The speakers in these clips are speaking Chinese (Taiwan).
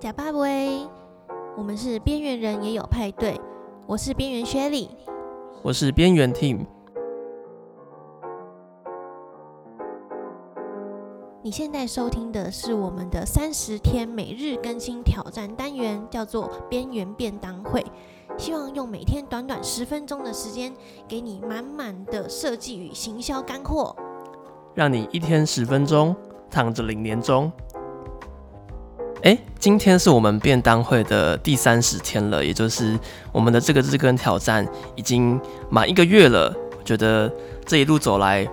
假霸沒，我們是邊緣人也有派對。我是邊緣 Shelly，我是邊緣 Team。你現在收聽的是我們的三十天每日更新挑戰單元，叫做“邊緣便當會”。希望用每天短短十分鐘的時間，給你滿滿的設計與行銷乾貨，讓你一天十分鐘躺着領年終。哎，今天是我們便當會的第三十天了，也就是我們的這個日更挑戰已經滿一個月了。我覺得這一路走來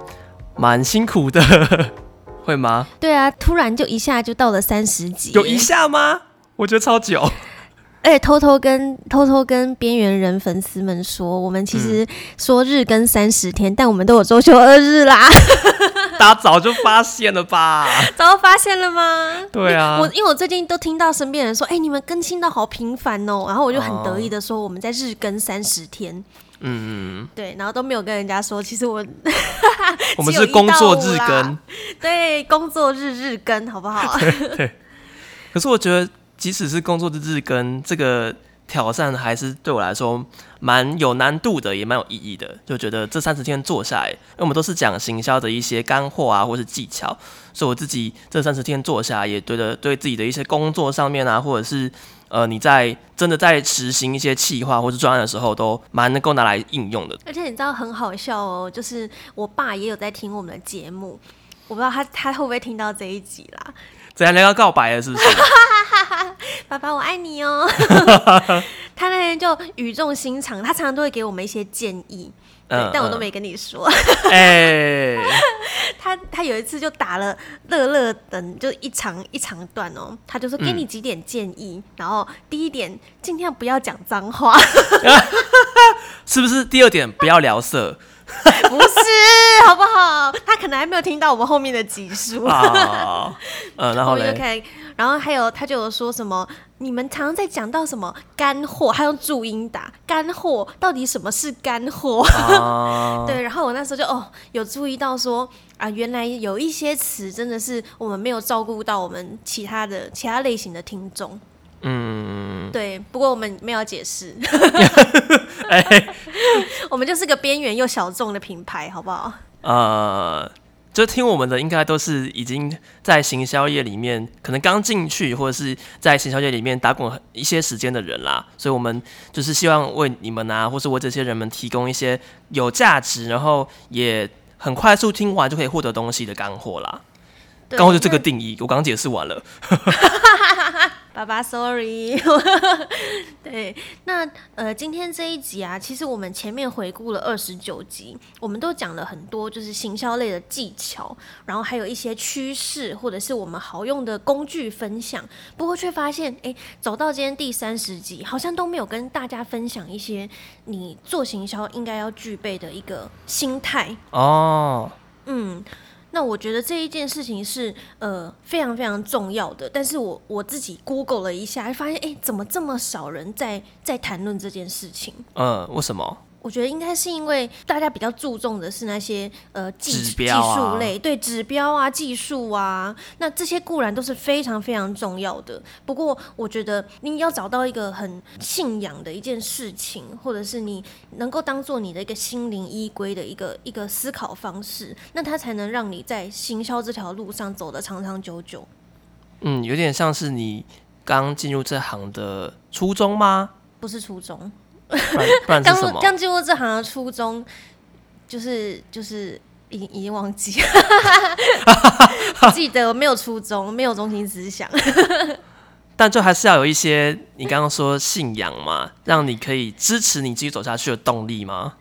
蠻辛苦的， 會嗎？對啊，突然就一下就到了三十集。有一下嗎？我覺得超久。欸，偷偷跟偷偷跟邊緣人粉絲們說，我們其實說日更三十天，嗯、但我們都有周休二日啦。 大家早就發現了吧？早就發現了嗎？對啊，我因為我最近都聽到身邊人說，哎，你們更新的好頻繁哦，然後我就很得意的說，我們在日更三十天，嗯嗯，對，然後都沒有跟人家說，其實我 我們是工作日更，對，工作日日更，好不好 對？對。可是我覺得，即使是工作日日更，這個。挑戰還是對我來說蠻有難度的，也蠻有意義的。就覺得這三十天做下來，因為我們都是講行銷的一些乾貨啊，或是技巧，所以我自己這三十天做下來，也覺得對自己的一些工作上面啊，或者是呃你在真的在實行一些企劃或是專案的時候，都蠻能夠拿來應用的。而且你知道很好笑哦，就是我爸也有在聽我們的節目，我不知道他他會不會聽到這一集啦。怎樣？天要告白了是不是？ 爸爸我愛你哦。 他那天就語重心長，他常常都會給我們一些建議，嗯、但我都沒跟你說。哎、 欸，他他有一次就打了樂樂等，就一長一長段哦。他就說給你幾點建議，嗯、然後第一點，盡量不要講髒話， 是不是？第二點，不要聊色。 不是，好不好？他可能還沒有聽到我們後面的集數。好、 啊嗯，然後呢？Okay, 然後還有，他就有說什麼？你們常常在講到什麼乾貨？他用注音打“乾貨”，到底什麼是乾貨？啊、 對，然後我那時候就哦，有注意到說啊，原來有一些詞真的是我們沒有照顧到我們其他的其他類型的聽眾。嗯，對，不過我們沒有解釋， 欸、我們就是個邊緣又小眾的品牌，好不好？呃，就聽我們的應該都是已經在行銷業裡面，可能剛進去或者是在行銷業裡面打滾一些時間的人啦，所以我們就是希望為你們啊，或是為這些人們提供一些有價值，然後也很快速聽完就可以獲得東西的乾貨啦。乾貨對就這個定義，那我剛剛解釋完了。 Sorry 對，那呃，今天這一集啊，其實我們前面回顧了二十九集，我們都講了很多就是行銷類的技巧，然後還有一些趨勢或者是我們好用的工具分享，不過卻發現，誒、欸，走到今天第三十集，好像都沒有跟大家分享一些你做行銷應該要具備的一個心態哦，oh. 嗯。那我覺得這一件事情是呃非常非常重要的，但是我我自己 Google 了一下，發現誒怎麼這麼少人在在談論這件事情？呃、嗯，為什麼？我覺得應該是因為大家比較注重的是那些呃技技術類，對，指標啊，技術啊，啊，那這些固然都是非常非常重要的。不過我覺得你要找到一個很信仰的一件事情，或者是你能夠當做你的一個心靈依歸的一個一個思考方式，那它才能讓你在行銷這條路上走得長長久久。嗯，有點像是你剛進入這行的初衷嗎？不是初衷。剛剛進入這行的初衷，就是，就是就是已經已經忘記，記得沒有初衷，沒有中心思想。 但就還是要有一些，你剛剛說信仰嘛， 讓你可以支持你自己走下去的動力嗎？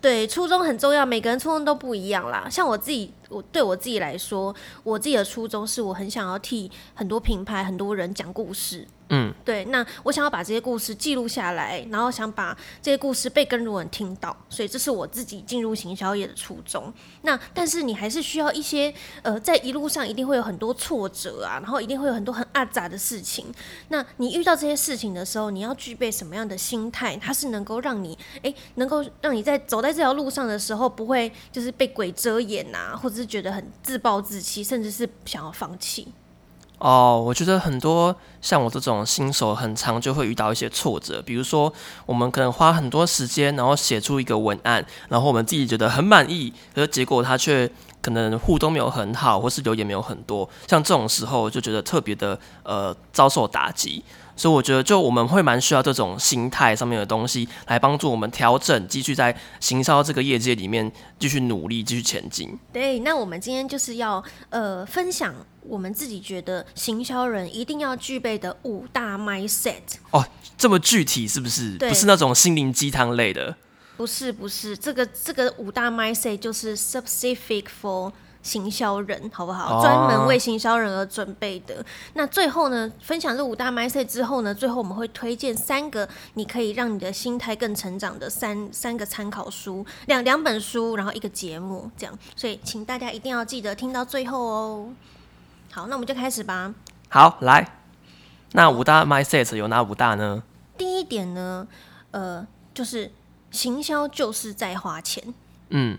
對，初衷很重要，每個人初衷都不一樣啦。像我自己。我對我自己來說，我自己的初衷是我很想要替很多品牌、很多人講故事。嗯，對。那我想要把這些故事記錄下來，然後想把這些故事被更多人聽到。所以這是我自己進入行銷業的初衷。那但是你還是需要一些呃，在一路上一定會有很多挫折啊，然後一定會有很多很阿雜的事情。那你遇到這些事情的時候，你要具備什麼樣的心態？它是能夠讓你哎、欸，能夠讓你在走在這條路上的時候，不會就是被鬼遮眼啊，或者是覺得很自暴自棄，甚至是想要放棄。哦，oh, 我覺得很多像我這種新手，很常就會遇到一些挫折。比如說，我們可能花很多時間，然後寫出一個文案，然後我們自己覺得很滿意，可是結果他卻可能互動沒有很好，或是留言沒有很多。像這種時候，我就覺得特別的呃遭受打擊。所以我覺得，就我們會蠻需要這種心態上面的東西，來幫助我們調整，繼續在行銷這個業界裡面繼續努力，繼續前進。對，那我們今天就是要呃分享我們自己覺得行銷人一定要具備的五大 mindset。哦，這麼具體是不是？對不是那種心靈雞湯類的。不是不是，這個這個五大 mindset 就是 specific for。行銷人好不好？哦、專門為行銷人而準備的。那最後呢，分享這五大 Mindset 之後呢，最後我們會推薦三個你可以讓你的心態更成長的三三個參考書，兩兩本書，然後一個節目，這樣。所以，請大家一定要記得聽到最後哦。好，那我們就開始吧。好，來，那五大 Mindset 有哪五大呢？第一點呢，呃，就是行銷就是在花錢。嗯。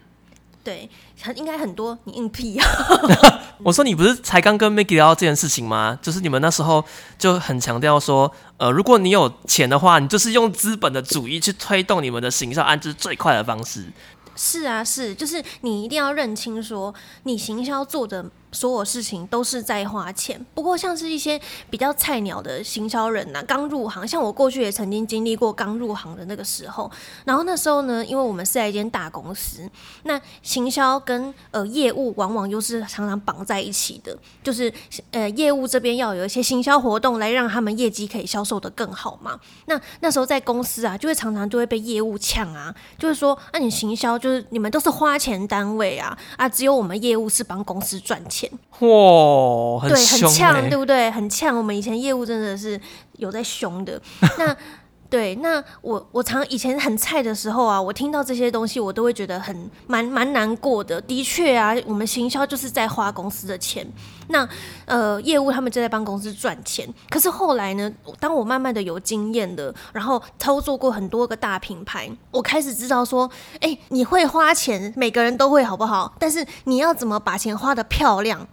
對，應該很多，你硬皮啊！ 我說你不是才剛跟 Mickey 聊這件事情嗎？就是你們那時候就很強調說，呃，如果你有錢的話，你就是用資本的主義去推動你們的行銷，安置最快的方式。是啊，是，就是你一定要認清說，你行銷做的，所有事情都是在花錢。不過像是一些比較菜鳥的行銷人吶，剛入行，像我過去也曾經經歷過剛入行的那個時候。然後那時候呢，因為我們是在一間大公司，那行銷跟呃業務往往又是常常綁在一起的，就是呃業務這邊要有一些行銷活動來讓他們業績可以銷售得更好嘛。那那時候在公司啊，就會常常就會被業務嗆啊，就是說啊，你行銷就是你們都是花錢單位啊，啊，只有我們業務是幫公司賺錢。哇，哦，很凶欸、對，很嗆，對不對？很嗆。我們以前業務真的是有在凶的。那。 對，那我我常以前很菜的時候啊，我聽到這些東西，我都會覺得很蠻蠻難過的。的確啊，我們行銷就是在花公司的錢，那呃業務他們就在幫公司賺錢。可是後來呢，當我慢慢的有經驗了，然後操作過很多個大品牌，我開始知道說，哎、欸，你會花錢，每個人都會好不好？但是你要怎麼把錢花得漂亮？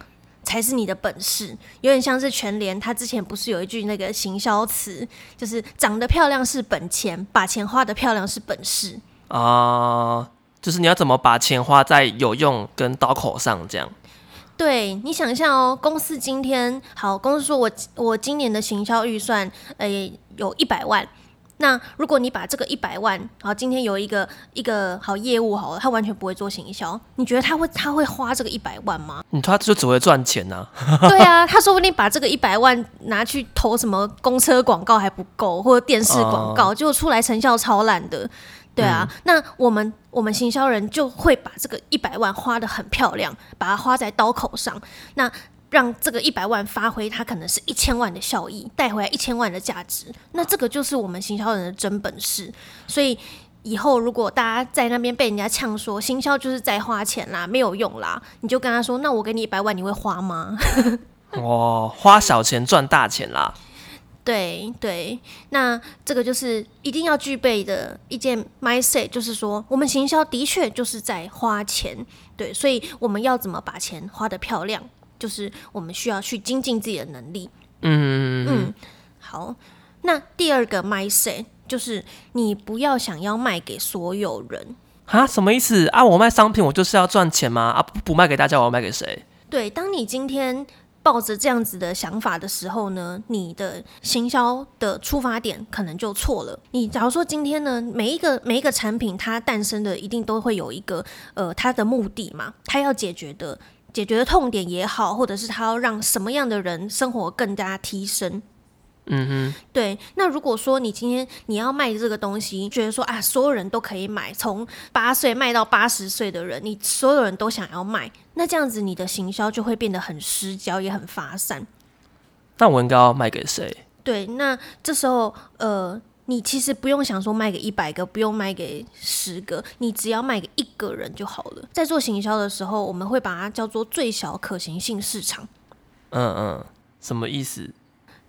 才是你的本事，有點像是全聯，他之前不是有一句那個行銷詞，就是長得漂亮是本錢，把錢花得漂亮是本事啊、呃，就是你要怎麼把錢花在有用跟刀口上，這樣。對，你想一下哦、喔，公司今天好，公司說我我今年的行銷預算，誒、呃，有一百萬。那如果你把這個一百萬，好，今天有一個一個好業務好了，他完全不會做行銷，你覺得他會他會花這個一百萬嗎？你他就只會賺錢吶、啊。 對啊，他說不定把這個一百萬拿去投什麼公車廣告還不夠，或者電視廣告、哦、結果就出來成效超爛的。對啊，嗯、那我們我們行銷人就會把這個一百萬花得很漂亮，把它花在刀口上。那讓這個一百萬發揮，它可能是一千萬的效益，帶回來一千萬的價值。那這個就是我們行銷人的真本事。所以以後如果大家在那邊被人家嗆說行銷就是在花錢啦，沒有用啦，你就跟他說：“那我給你一百萬，你會花嗎？” 哦，花小錢賺大錢啦！對對，那這個就是一定要具備的一件 mindset，就是說我們行銷的確就是在花錢，對，所以我們要怎麼把錢花得漂亮？就是我們需要去精進自己的能力。嗯哼嗯，哼嗯，好。那第二個 Mindset 就是你不要想要賣給所有人啊。什麼意思啊？我賣商品，我就是要賺錢嗎？啊，不賣給大家，我要賣給誰？對，當你今天抱着這樣子的想法的時候呢，你的行銷的出發點可能就錯了。你假如說今天呢，每一個每一個產品它誕生的一定都會有一個呃它的目的嘛，它要解決的。解決的痛點也好，或者是他要讓什麼樣的人生活更加提升，嗯哼，對。那如果說你今天你要賣這個東西，你覺得說啊，所有人都可以買，從八歲賣到八十歲的人，你所有人都想要賣，那這樣子你的行銷就會變得很失焦，也很發散。那我應該要賣給誰？對，那這時候呃。你其實不用想說賣給一百個，不用賣給十個，你只要賣給一個人就好了。在做行銷的時候，我們會把它叫做最小可行性市場。嗯嗯，什麼意思？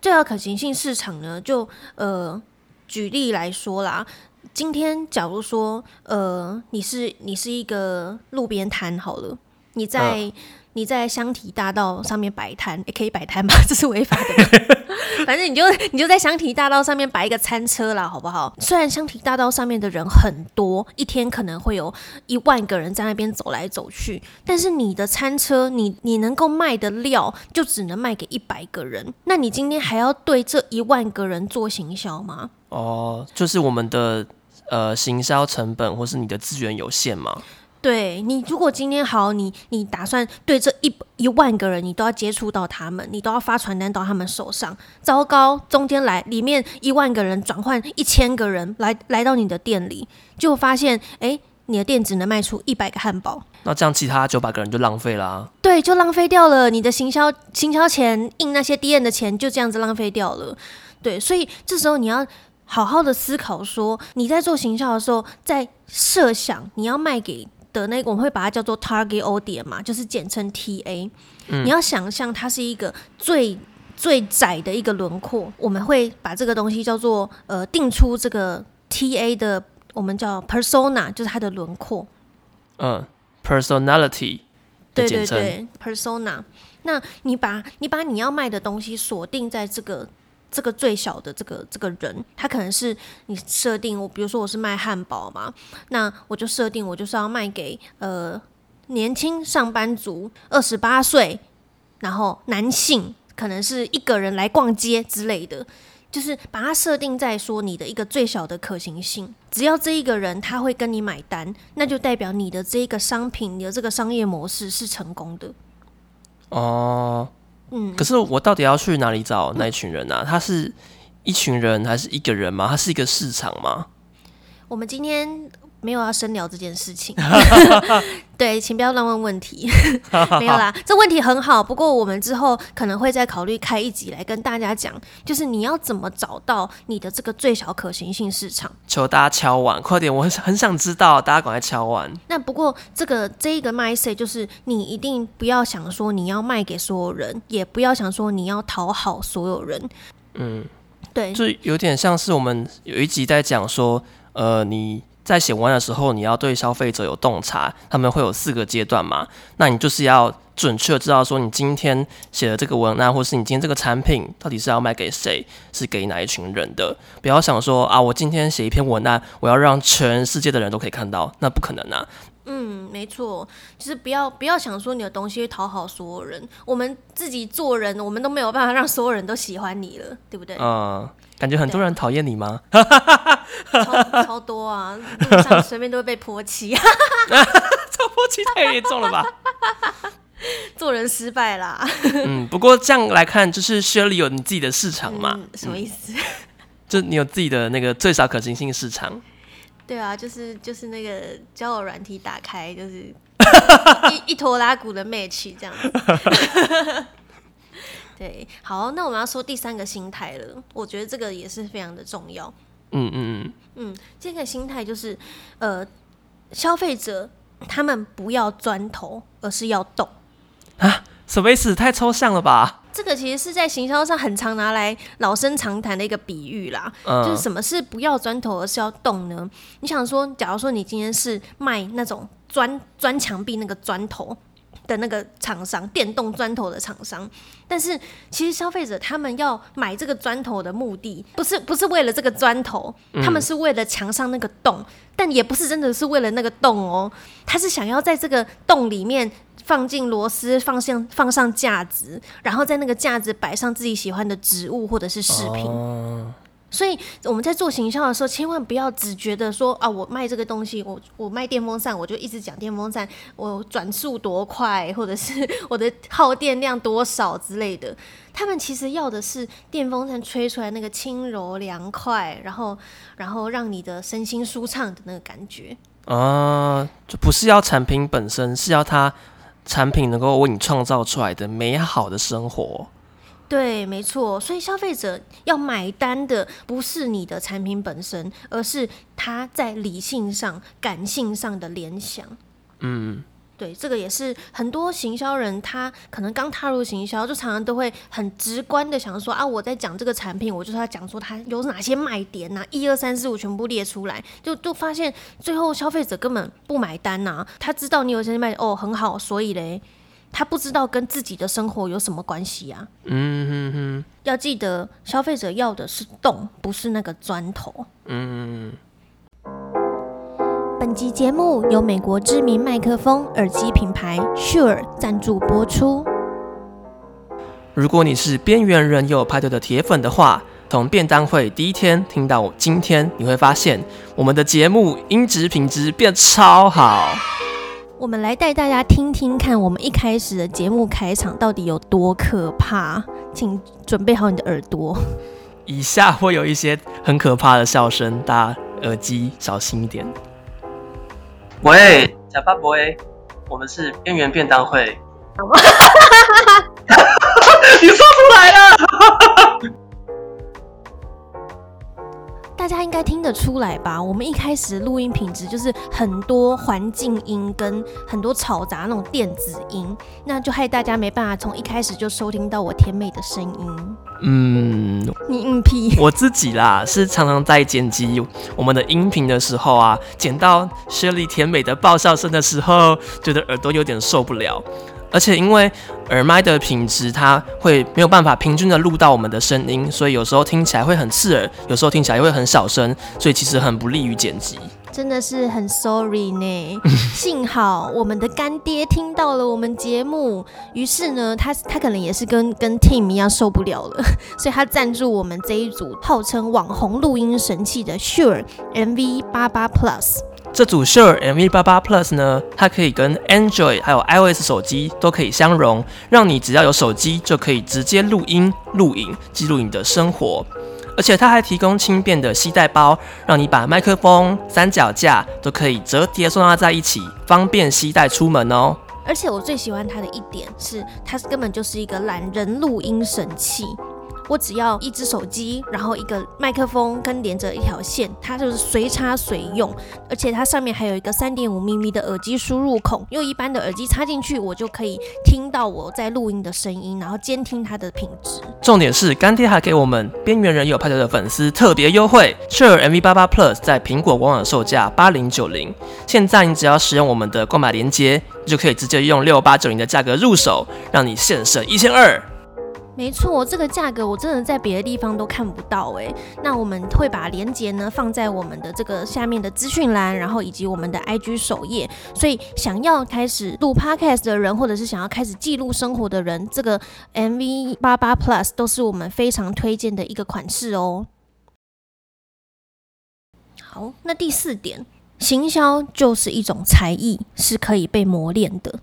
最小可行性市場呢？就呃，舉例來說啦，今天假如說呃，你是你是一個路邊攤好了，你在。嗯你在香堤大道上面擺攤也可以擺攤嗎？這是違法的嗎？ 反正你就你就在香堤大道上面擺一個餐車啦，好不好？雖然香堤大道上面的人很多，一天可能會有一萬個人在那邊走來走去，但是你的餐車，你你能夠賣的料就只能賣給一百個人。那你今天還要對這一萬個人做行銷嗎？哦，就是我們的呃行銷成本，或是你的資源有限嗎？對你，如果今天好，你你打算對這一一萬個人，你都要接觸到他們，你都要發傳單到他們手上。糟糕，中間來裡面一萬個人轉換一千個人來來到你的店裡，就發現哎，你的店只能賣出一百個漢堡。那這樣其他九百個人就浪費了，對，就浪費掉了你的行銷行銷錢，印那些低 m 的錢，就這樣子浪費掉了。對，所以這時候你要好好的思考說，說你在做行銷的時候，在設想你要賣給。的那個我們會把它叫做 target audience 嘛，就是簡稱 TA。嗯，你要想象它是一個最最窄的一個輪廓，我們會把這個東西叫做呃，定出這個 TA 的，我們叫 persona，就是它的輪廓。嗯、呃，personality 對對對，persona。那你把你把你要賣的東西鎖定在這個。這個最小的這個這個人，他可能是你設定。我比如說我是賣漢堡嘛，那我就設定我就是要賣給呃年輕上班族，二十八歲，然後男性，可能是一個人來逛街之類的，就是把它設定在說你的一個最小的可行性，只要這一個人他會跟你買單，那就代表你的這個商品，你的這個商業模式是成功的。哦、uh。可是我到底要去哪裡找那一群人呢啊？他是一群人還是一個人嗎？他是一個市場嗎？我們今天沒有要深聊這件事情， 對，請不要亂問問題。 沒有啦， 這問題很好，不過我們之後可能會再考慮開一集來跟大家講，就是你要怎麼找到你的這個最小可行性市場。求大家敲碗快點，我很很想知道，大家趕快敲碗。 那不過這個這一個 Mindset 就是，你一定不要想說你要賣給所有人，也不要想說你要討好所有人。嗯，對，就有點像是我們有一集在講說，呃，你。在寫文案的時候，你要對消費者有洞察，他們會有四個階段嘛？那你就是要準確知道說，你今天寫的這個文案，或是你今天這個產品，到底是要賣給誰，是給哪一群人的？不要想說啊，我今天寫一篇文案，我要讓全世界的人都可以看到，那不可能啊。嗯，沒錯，就是不要不要想說你的東西討好所有人，我們自己做人，我們都沒有辦法讓所有人都喜歡你了，對不對？嗯、呃，感覺很多人討厭你嗎？對 超超多啊，隨 便都會被潑漆啊，超潑漆太嚴重了吧？做人失敗啦。 嗯，不過這樣來看，就是 Shelly 有你自己的市場嘛？嗯、什麼意思、嗯？就你有自己的那個最少可行性市場。對啊，就是就是那個交友軟體打開，就是一 一,一拖拉庫的 match 這樣 對，好，那我們要說第三個心態了，我覺得這個也是非常的重要。嗯嗯嗯，嗯，這個心態就是呃，消費者他們不要鑽頭，而是要洞啊，什麼意思？太抽象了吧？這個其實是在行銷上很常拿來老生常談的一個比喻啦，嗯、就是什麼是不要鑽頭而是要洞呢？你想說，假如說你今天是賣那種鑽、鑽牆壁那個鑽頭的那個廠商，電動鑽頭的廠商，但是其實消費者他們要買這個鑽頭的目的，不是不是為了這個鑽頭，他們是為了牆上那個洞，嗯、但也不是真的是為了那個洞哦，他是想要在這個洞裡面。放進螺絲，放上放上架子，然後在那個架子，擺上自己喜歡的植物或者是飾品。哦、所以我們在做行銷的時候，千萬不要只覺得說啊，我賣這個東西，我我賣電風扇，我就一直講電風扇，我轉速多快，或者是我的耗電量多少之類的。他們其實要的是電風扇吹出來那個輕柔涼快，然後然後讓你的身心舒暢的那個感覺哦，就不是要產品本身，是要它。產品能夠為你創造出來的美好的生活，對，沒錯。所以消費者要買單的不是你的產品本身，而是他在理性上、感性上的聯想。嗯。對，這個也是很多行銷人，他可能剛踏入行銷，就常常都會很直觀的想說啊，我在講這個產品，我就是要講說它有哪些賣點吶、啊，一二三四五全部列出來，就就發現最後消費者根本不買單吶、啊。他知道你有這些賣點哦，很好，所以嘞，他不知道跟自己的生活有什麼關係呀、啊。嗯哼哼，要記得消費者要的是洞，不是那個鑽頭。嗯哼哼。本集節目由美國知名麥克風耳機品牌 Sure 贊助播出。如果你是邊緣人又有派對的鐵粉的話，從便當會第一天聽到今天，你會發現我們的節目音質品質變得超好。我們來帶大家聽聽看，我們一開始的節目開場到底有多可怕？請準備好你的耳朵，以下會有一些很可怕的笑聲，大家耳機小心一點。喂，呷霸沒，我們是邊緣便當會。Oh. 大家應該聽得出來吧？我們一開始錄音品質就是很多環境音跟很多嘈雜那種電子音，那就害大家沒辦法從一開始就收聽到我甜美的聲音。嗯，你硬、嗯、皮，我自己啦，是常常在剪輯我們的音頻的時候啊，剪到雪 h 甜美的爆笑聲的時候，覺得耳朵有點受不了。而且因為耳麥的品質，它會沒有辦法平均的錄到我們的聲音，所以有時候聽起來會很刺耳，有時候聽起來又會很小聲，所以其實很不利於剪輯。真的是很 sorry 呢，幸好我們的乾爹聽到了我們節目，於 是呢，他他可能也是跟跟 Tim 一樣受不了了，所以他贊助我們這一組號稱網紅錄音神器的 Sure MV88 Plus。這組 Shure MV 88 Plus 呢，它可以跟 Android 還有 iOS 手機都可以相容，讓你只要有手機就可以直接錄音、錄影、記錄你的生活。而且它還提供輕便的攜帶包，讓你把麥克風、三腳架都可以摺疊收納在一起，方便攜帶出門哦。而且我最喜歡它的一點是，它根本就是一個懶人錄音神器。我只要一支手機，然後一個麥克風跟連着一條線，它就是隨插隨用，而且它上面還有一個三點五毫米的耳機輸入孔，用一般的耳機插進去，我就可以聽到我在錄音的聲音，然後監聽它的品質。重點是，乾爹還給我們邊緣人有派對的粉絲特別優惠，舍爾 MV88 Plus 在蘋果官網售價八零九零，現在你只要使用我們的購買鏈接，你就可以直接用六八九零的價格入手，讓你現省一千二。沒錯，這個價格我真的在別的地方都看不到哎。那我們會把鏈接呢放在我們的這個下面的資訊欄，然後以及我們的 IG 首頁。所以想要開始錄 Podcast 的人，或者是想要開始記錄生活的人，這個 MV88+ 都是我們非常推薦的一個款式哦。好，那第四點，行銷就是一種才藝，是可以被磨練的。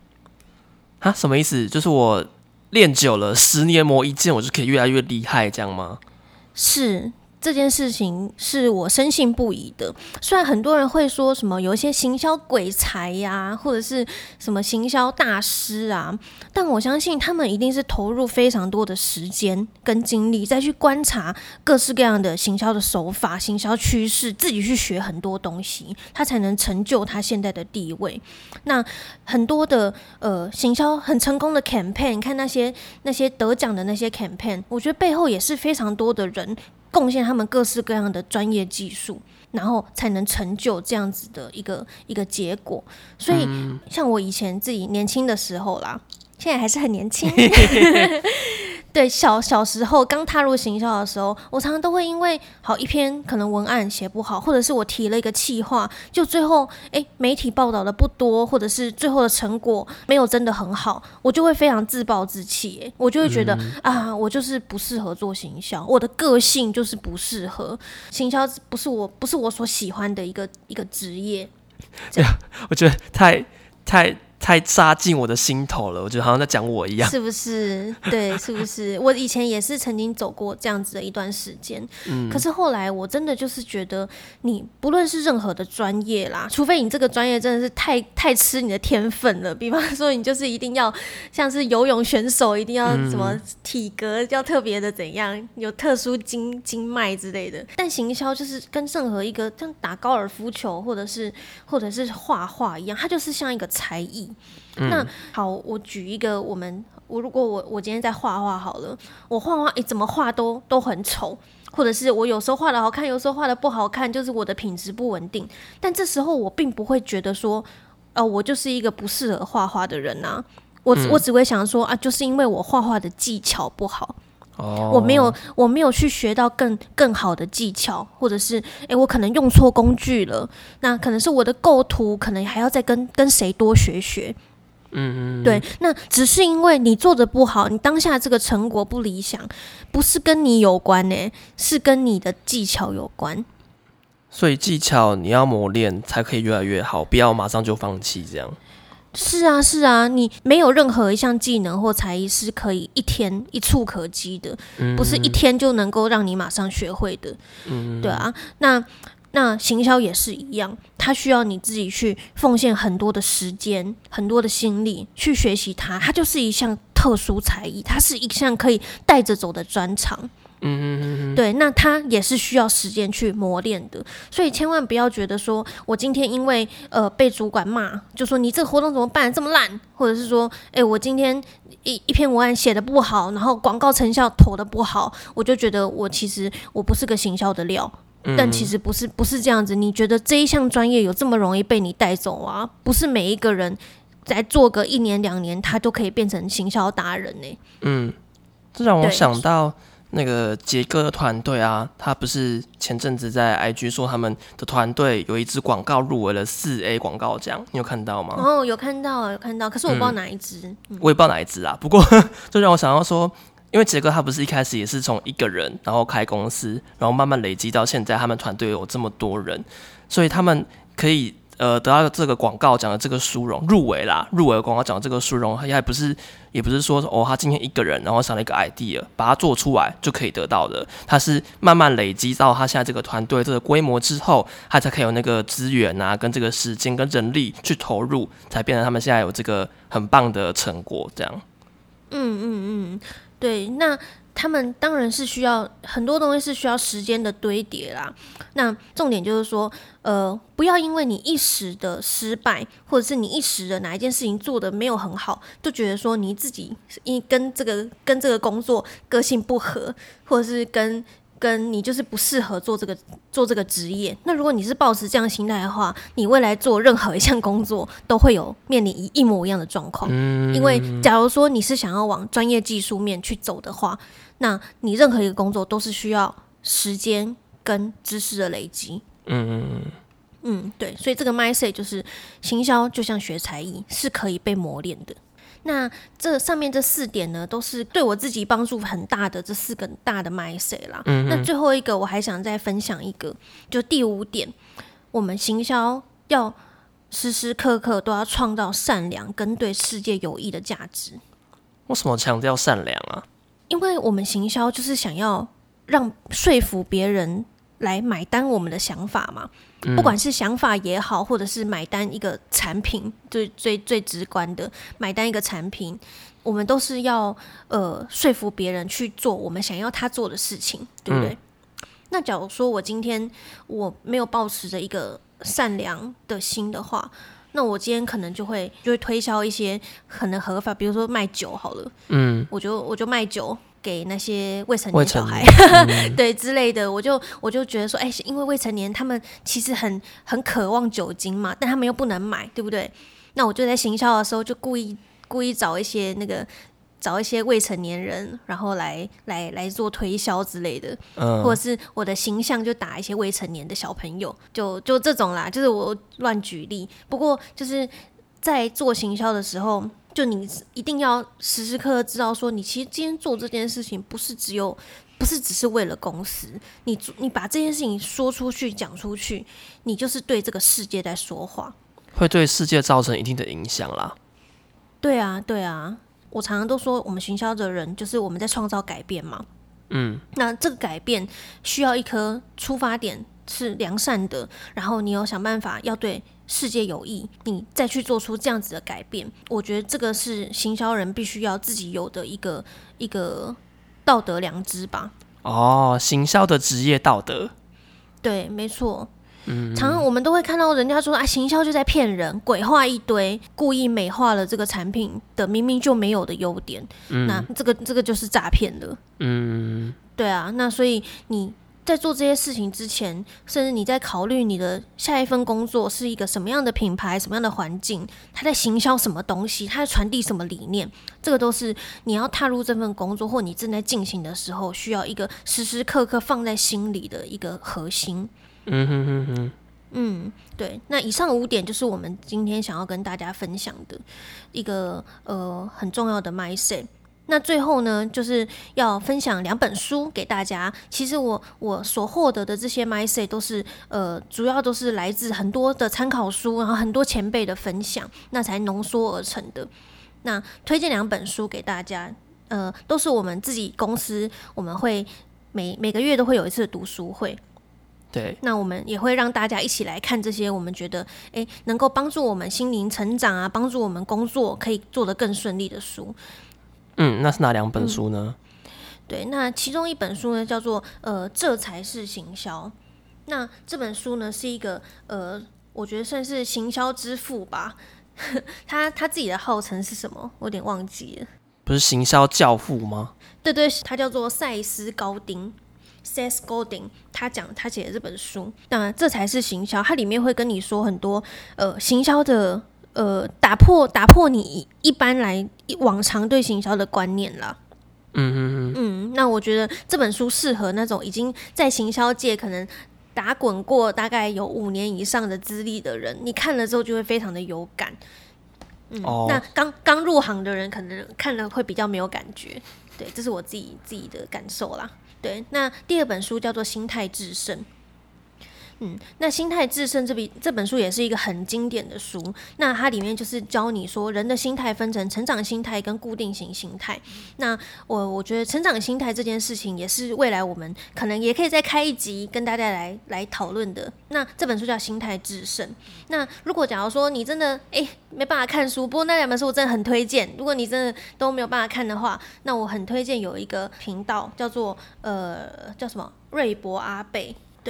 啊，什麼意思？就是我。練久了，十年磨一劍，我就可以越來越厲害，這樣嗎？是。這件事情是我深信不疑的。雖然很多人會說什麼有一些行銷鬼才呀、啊，或者是什麼行銷大師啊，但我相信他們一定是投入非常多的時間跟精力，再去觀察各式各樣的行銷的手法、行銷趨勢，自己去學很多東西，他才能成就他現在的地位。那很多的呃行銷很成功的 campaign，看那些那些得獎的那些 campaign，我覺得背後也是非常多的人。貢獻他們各式各樣的專業技術，然後才能成就這樣子的一個一個結果。所以，嗯、像我以前自己年輕的時候啦，現在還是很年輕。 對，小小時候剛踏入行銷的時候，我常常都會因為好一篇可能文案寫不好，或者是我提了一個企劃，就最後、欸，媒體報道的不多，或者是最後的成果沒有真的很好，我就會非常自暴自棄、欸，我就會覺得、嗯、啊，我就是不適合做行銷，我的個性就是不適合行銷，不是我，不是我所喜歡的一個一個職業。這樣，我覺得太太。太紮進我的心頭了，我覺得好像在講我一樣，是不是？對，是不是？我以前也是曾經走過這樣子的一段時間，嗯，可是後來我真的就是覺得你，你不論是任何的專業啦，除非你這個專業真的是太太吃你的天分了，比方說你就是一定要像是游泳選手，一定要怎麼體格要特別的怎樣，有特殊經經脈之類的。但行銷就是跟任何一個像打高爾夫球，或者是或者是畫畫一樣，它就是像一個才藝。那、嗯、好，我舉一個，我們我如果我我今天在畫畫好了，我畫畫誒，怎麼畫都都很醜，或者是我有時候畫得好看，有時候畫得不好看，就是我的品質不穩定。但這時候我並不會覺得說，哦、呃，我就是一個不適合畫畫的人吶、啊。我、嗯、我只會想說啊，就是因為我畫畫的技巧不好。Oh. 我沒有，我沒有去學到更更好的技巧，或者是，誒、欸，我可能用錯工具了，那可能是我的構圖，可能還要再跟跟誰多學學。嗯嗯、mm，hmm. 對，那只是因為你做得不好，你當下這個成果不理想，不是跟你有關呢、欸，是跟你的技巧有關。所以技巧你要磨練才可以越來越好，不要馬上就放棄這樣。是啊，是啊，你沒有任何一項技能或才藝是可以一天一蹴可幾的，嗯、不是一天就能夠讓你馬上學會的。嗯，對啊，那那行銷也是一樣，它需要你自己去奉獻很多的時間、很多的心力去學習它。它就是一項特殊才藝，它是一項可以帶着走的專長。嗯哼嗯嗯對，那他也是需要時間去磨練的，所以千萬不要覺得說，我今天因為呃被主管罵，就說你這個活動怎麼辦這麼爛，或者是說，哎、欸，我今天一一篇文案寫得不好，然後廣告成效投得不好，我就覺得我其實我不是個行銷的料，嗯、但其實不是不是這樣子，你覺得這一項專業有這麼容易被你帶走啊？不是每一個人在做個一年兩年，他都可以變成行銷達人呢、欸。嗯，這讓我想到。那個傑哥的團隊啊，他不是前陣子在 IG 說他們的團隊有一支廣告入圍了四 A 廣告獎，你有看到嗎？哦，有看到，有看到，可是我不知道哪一支。嗯嗯、我也不知道哪一支啊，不過 就讓我想到說，因為傑哥他不是一開始也是從一個人，然後開公司，然後慢慢累積到現在，他們團隊有這麼多人，所以他們可以。呃，得到這個廣告獎的這個殊榮，入圍啦，入圍廣告獎的這個殊榮，他也不是，也不是說哦，他今天一個人，然後想了一個 idea，把它做出來就可以得到的，他是慢慢累積到他現在這個團隊這個規模之後，他才可以有那個資源啊，跟這個時間跟人力去投入，才變成他們現在有這個很棒的成果這樣。嗯嗯嗯，對，那。他們當然是需要很多東西，是需要時間的堆疊啦。那重點就是說，呃，不要因為你一時的失敗，或者是你一時的哪一件事情做得沒有很好，就覺得說你自己因跟這個跟這個工作個性不合，或者是跟。跟你就是不適合做這個做這個職業。那如果你是抱持這樣心態的話，你未來做任何一項工作都會有面臨一一模一樣的狀況。嗯，因為假如說你是想要往專業技術面去走的話，那你任何一個工作都是需要時間跟知識的累積。嗯嗯嗯，嗯，對。所以這個 Mindset 就是，行銷就像學才藝，是可以被磨練的。那這上面這四點呢，都是對我自己幫助很大的這四個大的 Mindset 啦。嗯哼，那最後一個，我還想再分享一個，就第五點，我們行銷要時時刻刻都要創造善良跟對世界有益的價值。為什麼強調善良啊？因為我們行銷就是想要讓說服別人來買單我們的想法嘛。不管是想法也好，或者是買單一個產品，最最最直觀的買單一個產品，我們都是要呃說服別人去做我們想要他做的事情，對不對？嗯、那假如說我今天我沒有抱持着一個善良的心的話，那我今天可能就會就會推銷一些可能合法，比如說賣酒好了，嗯，我就我就賣酒。給那些未成年小孩，未成年， 對之類的，我就我就覺得說，哎、欸，是因為未成年，他們其實很很渴望酒精嘛，但他們又不能買，對不對？那我就在行銷的時候，就故意故意找一些那個找一些未成年人，然後來來來做推銷之類的，嗯、或者是我的形象就打一些未成年的小朋友，就就這種啦，就是我亂舉例。不過就是在做行銷的時候。就你一定要時時刻刻知道，說你其實今天做這件事情，不是只有，不是只是為了公司。你你把這件事情說出去、講出去，你就是對這個世界在說話，會對世界造成一定的影響啦。對啊，對啊，我常常都說，我們行銷的人就是我們在創造改變嘛。嗯，那這個改變需要一顆出發點，是良善的，然後你有想辦法要對世界有益，你再去做出這樣子的改變，我覺得這個是行銷人必須要自己有的一個一個道德良知吧。哦，行銷的職業道德，對，沒錯。嗯，嗯，常常我們都會看到人家說啊，行銷就在騙人，鬼話一堆，故意美化了這個產品的明明就沒有的優點。嗯，那這個這個就是詐騙的。嗯，對啊，那所以你。在做這些事情之前，甚至你在考慮你的下一份工作是一個什麼樣的品牌，什麼樣的環境，他在行銷什麼東西，他在傳遞什麼理念，這個都是你要踏入這份工作或你正在進行的時候，需要一個時時刻刻放在心裡的一個核心。嗯哼哼哼嗯，對。那以上五點就是我們今天想要跟大家分享的一個呃很重要的 Mindset。那最後呢，就是要分享兩本書給大家。其實我我所獲得的這些 Mindset 都是呃，主要都是來自很多的參考書，然後很多前輩的分享，那才濃縮而成的。那推薦兩本書給大家，呃，都是我們自己公司，我們會每每個月都會有一次讀書會。對。那我們也會讓大家一起來看這些，我們覺得誒，能夠幫助我們心靈成長啊，幫助我們工作可以做得更順利的書。嗯，那是哪兩本書呢？嗯、對，那其中一本書呢，叫做呃，這才是行銷。那這本書呢是一個呃，我覺得算是行銷之父吧。他 他自己的號稱是什麼？我有點忘記了。不是行銷教父嗎？對對，他叫做塞斯高丁 （Seth Godin）。他講他寫的這本書，那這才是行銷。他裡面會跟你說很多呃，行銷的。呃，打破打破你一般來往常對行銷的觀念了。嗯嗯嗯。嗯，那我覺得這本書適合那種已經在行銷界可能打滾過大概有五年以上的資歷的人，你看了之後就會非常的有感。嗯，哦、那剛剛入行的人可能看了會比較沒有感覺。對，這是我自己自己的感受啦。對，那第二本書叫做《心態致勝》。嗯，那《心態致勝》這筆這本書也是一個很經典的書。那它裡面就是教你說，人的心態分成成長心態跟固定型心態。那我我覺得成長心態這件事情，也是未來我們可能也可以再開一集跟大家來來討論的。那這本書叫《心態致勝》。那如果假如說你真的誒、欸、沒辦法看書，不過那兩本書我真的很推薦。如果你真的都沒有辦法看的話，那我很推薦有一個頻道叫做呃叫什麼睿伯阿貝。對，睿伯，睿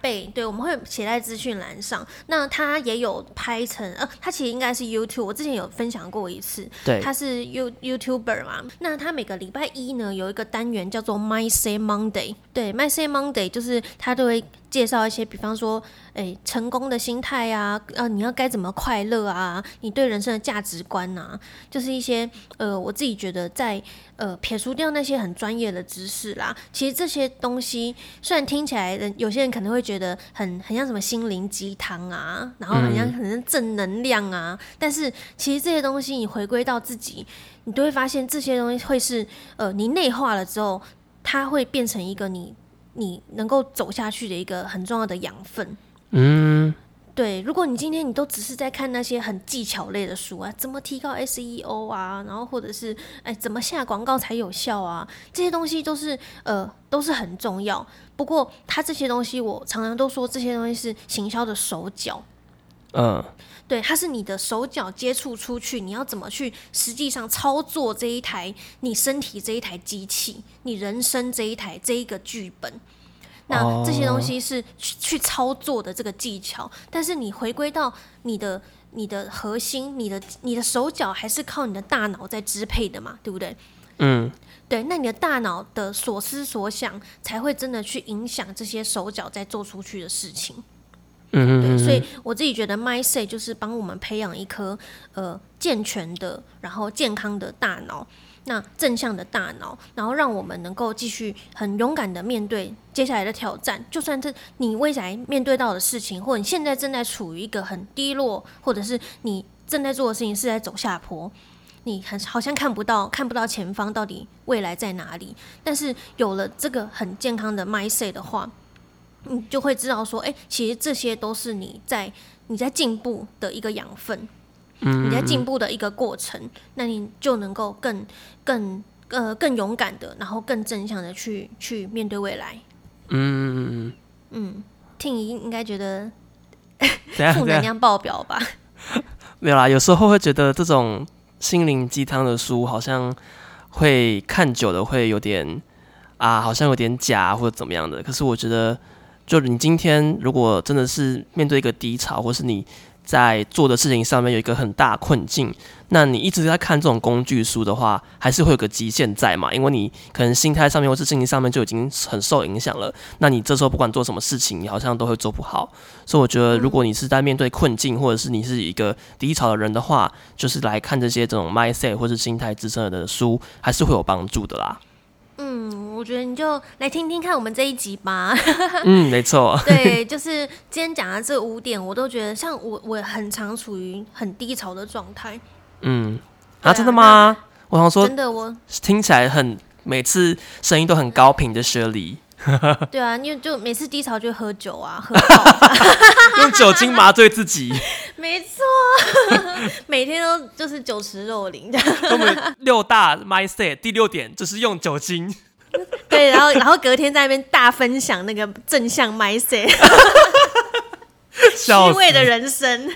伯，對，我們會寫在資訊欄上。那他也有拍成，呃，它其實應該是 YouTube，我之前有分享過一次，對，他是 You YouTuber 嘛。那他每個禮拜一呢，有一個單元叫做 Mindset Monday，對，Mindset Monday 就是他都會，介紹一些，比方說，哎，成功的心態啊，啊，你要該該怎麼快樂啊？你對人生的價值觀啊，就是一些呃，我自己覺得在，在呃，撇除掉那些很專業的知識啦，其實這些東西雖然聽起來人，有些人可能會覺得很很像什麼心靈雞湯啊，然後很像很正能量啊，嗯，但是其實這些東西，你回歸到自己，你都會發現這些東西會是呃，你內化了之後，它會變成一個你。你能夠走下去的一個很重要的養分，嗯，對。如果你今天你都只是在看那些很技巧類的書啊，怎麼提高 SEO 啊，然後或者是哎、欸、怎麼下廣告才有效啊，這些東西都是呃都是很重要。不過他這些東西，我常常都說這些東西是行銷的手腳，嗯。對，它是你的手腳接觸出去，你要怎麼去實際上操作這一台，你身體這一台機器，你人生這一台這一個劇本，那這些東西是去，去操作的這個技巧。但是你回歸到你的你的核心，你的你的手腳還是靠你的大腦在支配的嘛，對不對？嗯，對。那你的大腦的所思所想，才會真的去影響這些手腳在做出去的事情。嗯嗯，對，所以我自己覺得，Mindset 就是幫我們培養一顆呃健全的，然後健康的大腦，那正向的大腦，然後讓我們能夠繼續很勇敢的面對接下來的挑戰。就算是你未來面對到的事情，或者你現在正在處於一個很低落，或者是你正在做的事情是在走下坡，你很好像看不到看不到前方到底未來在哪裡。但是有了這個很健康的 Mindset 的話。你就會知道說，哎、欸，其實這些都是你在你在進步的一個養分，嗯嗯，你在進步的一個過程，那你就能夠更更呃更勇敢的，然後更正向的去去面對未來。嗯嗯嗯嗯，嗯聽你應該覺得負能 量爆表吧？沒有啦，有時候會覺得這種心靈雞湯的書好像會看久了會有點啊，好像有點假或者怎麼樣的。可是我覺得。就你今天如果真的是面對一個低潮，或是你在做的事情上面有一個很大困境，那你一直在看這種工具書的話，還是會有個極限在嘛。因為你可能心態上面或是心理上面就已經很受影響了。那你這時候不管做什麼事情，你好像都會做不好。所以我覺得，如果你是在面對困境，或者是你是一個低潮的人的話，就是來看這些這種 mindset 或是心態支撐的書，還是會有幫助的啦。我覺得你就來聽聽看我們這一集吧。 嗯，沒錯。對，就是今天講的這五點，我都覺得像我，我很常處於很低潮的狀態。嗯，啊，啊真的嗎？但我想說，真的，我聽起來很每次聲音都很高頻的捨離。 對啊，因為就每次低潮就喝酒啊，喝 用酒精麻醉自己。 沒錯錯， 每天都就是酒池肉林。我 六大 Mindset 第六點就是用酒精。 然後，然後隔天在那邊大分享那個正向 myself，的人生。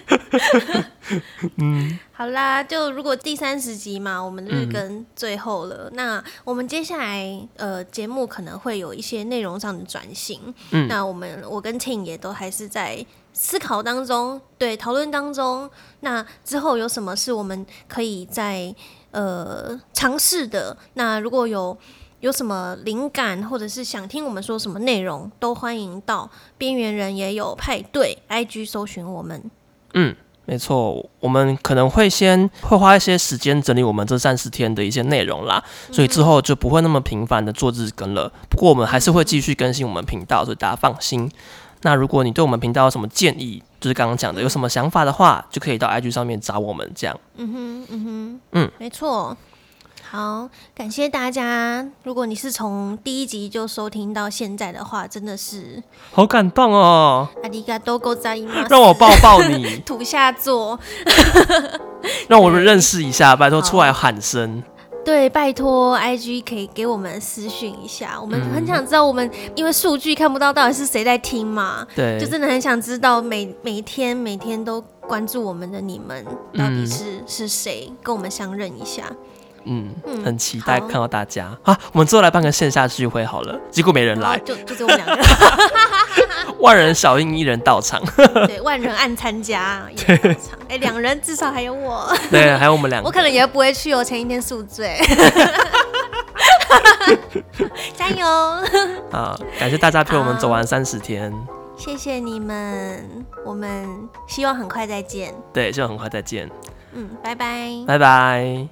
嗯，好啦，就如果第三十集嘛，我們日更最後了。嗯、那我們接下來呃節目可能會有一些內容上的轉型。嗯，那我們我跟 Ting 也都還是在思考當中，對，討論當中。那之後有什麼是我們可以再呃嘗試的？那如果有。有什麼靈感，或者是想聽我們說什麼內容，都歡迎到邊緣人也有派對，IG 搜尋我們。嗯，沒錯，我們可能會先會花一些時間整理我們這三十天的一些內容啦，所以之後就不會那麼頻繁的做日更了。嗯、不過我們還是會繼續更新我們頻道，所以大家放心。那如果你對我們頻道有什麼建議，就是剛剛講的有什麼想法的話，就可以到 IG 上面找我們這樣。嗯哼，嗯哼，嗯，沒錯。好，感謝大家！如果你是從第一集就收聽到現在的話，真的是好感動哦！阿迪嘎多哥在伊瑪，讓我抱抱你， 土下座， 對讓我們認識一下，拜托出來喊聲。對，拜托，IG 可以給我們私訊一下，我們很想知道，我們、嗯、因為數據看不到到底是誰在聽嘛？對，就真的很想知道每，每每天每天都關注我們的你們，到底是、嗯、是誰，跟我們相認一下。嗯，嗯很期待看到大家好啊！我們之後來辦個線下聚會好了。結果沒人來，就就只有我們兩個， 萬人小英一人到場， 對，萬人按參加，一人到場哎，兩對、欸、人至少還有我， 對，還有我們兩個。我可能也不會去哦、喔，前一天宿醉。 加油！啊， 感謝大家陪我們走完三十天，謝謝你們。我們希望很快再見，對，希望很快再見。嗯，拜拜，拜拜。